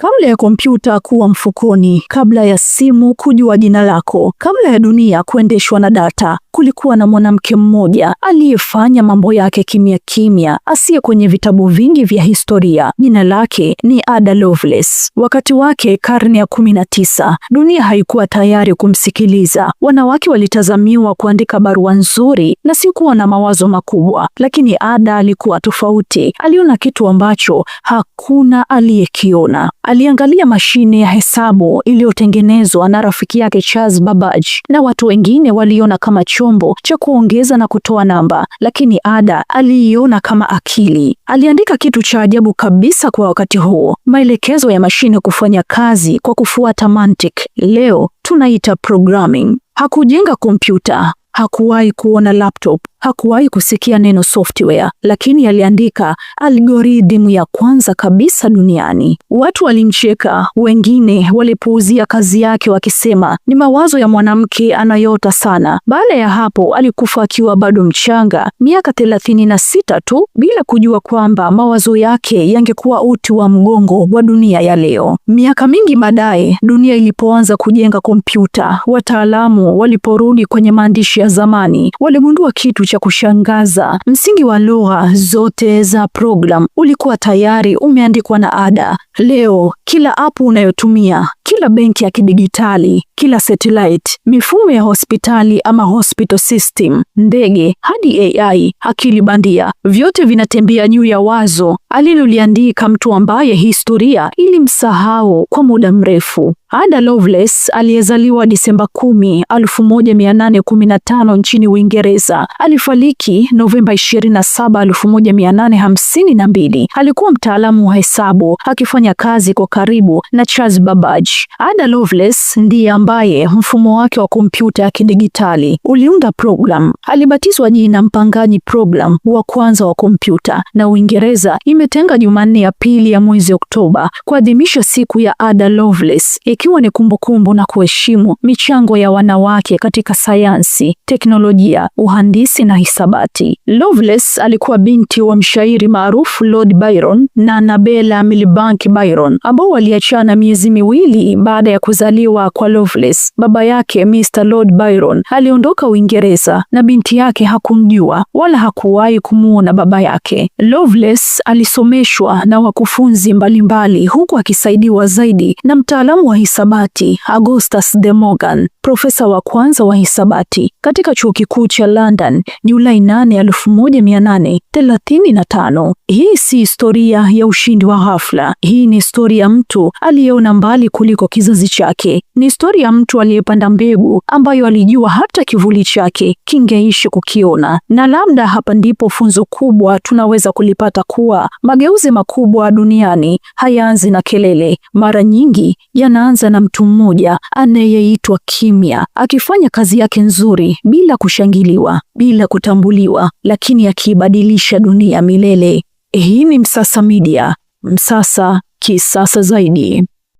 kabla ya kompyuta kuwa mfukoni, kabla ya simu kujua jina lako, kabla ya dunia kuendeshwa na data, kulikuwa na mwanamke mmoja aliyefanya mambo yake kimya kimya, asiye kwenye vitabu vingi vya historia. Jina lake ni Ada Lovelace. Wakati wake karne ya kumi na tisa. Dunia haikuwa tayari kumsikiliza. Wanawake walitazamiwa kuandika barua nzuri na si kuwa na mawazo makubwa, lakini Ada alikuwa tofauti. Aliona kitu ambacho hakuna aliyekiona. Aliangalia mashine ya hesabu iliyotengenezwa na rafiki yake Charles Babbage na watu wengine waliona kama cho chombo cha kuongeza na kutoa namba, lakini Ada aliiona kama akili. Aliandika kitu cha ajabu kabisa kwa wakati huo, maelekezo ya mashine kufanya kazi kwa kufuata mantiki, leo tunaita programming. Hakujenga kompyuta Hakuwahi kuona laptop, hakuwahi kusikia neno software, lakini aliandika algorithm ya kwanza kabisa duniani. Watu walimcheka, wengine walipuuzia kazi yake wakisema ni mawazo ya mwanamke anayota sana. Baada ya hapo alikufa akiwa bado mchanga, miaka thelathini na sita tu, bila kujua kwamba mawazo yake yangekuwa uti wa mgongo wa dunia ya leo. Miaka mingi baadaye, dunia ilipoanza kujenga kompyuta, wataalamu waliporudi kwenye maandishi ya zamani waligundua kitu cha kushangaza. Msingi wa lugha zote za program ulikuwa tayari umeandikwa na ada. Leo kila app unayotumia, kila benki ya kidigitali, kila satellite, mifumo ya hospitali ama hospital system, ndege hadi AI, akili bandia, vyote vinatembea juu ya wazo aliloliandika mtu ambaye historia ilimsahau kwa muda mrefu. Ada Lovelace aliyezaliwa Disemba 10, 1815 nchini Uingereza alifariki Novemba 27, 1852. Alikuwa mtaalamu wa hesabu akifanya kazi kwa karibu na Charles Babbage. Ada Lovelace ndiye ambaye mfumo wake wa kompyuta ya kidigitali uliunda program. Alibatizwa jina mpangaji program wa kwanza wa kompyuta, na Uingereza imetenga Jumanne ya pili ya mwezi Oktoba kuadhimisha siku ya Ada Lovelace ikiwa ni kumbukumbu na kuheshimu michango ya wanawake katika sayansi, teknolojia, uhandisi na hisabati. Loveless alikuwa binti wa mshairi maarufu Lord Byron na Annabella Milbank Byron ambao waliachana miezi miwili baada ya kuzaliwa kwa Loveless. Baba yake Mr. Lord Byron aliondoka Uingereza na binti yake hakumjua wala hakuwahi kumuona baba yake. Loveless alisomeshwa na wakufunzi mbalimbali mbali, huku akisaidiwa zaidi na mtaalamu wa Sabati, Augustus De Morgan, profesa wa kwanza wa hisabati katika chuo kikuu cha London Julai 8, 1835. Hii si historia ya ushindi wa ghafla. Hii ni historia ya mtu aliyeona mbali kuliko kizazi chake. Ni historia ya mtu aliyepanda mbegu ambayo alijua hata kivuli chake kingeishi kukiona. Na labda hapa ndipo funzo kubwa tunaweza kulipata kuwa mageuzi makubwa duniani hayaanzi na kelele. Mara nyingi yanaanza na mtu mmoja anayeitwa Kim kimya, akifanya kazi yake nzuri bila kushangiliwa, bila kutambuliwa, lakini akiibadilisha dunia milele. Hii ni Msasa Media, Msasa kisasa zaidi.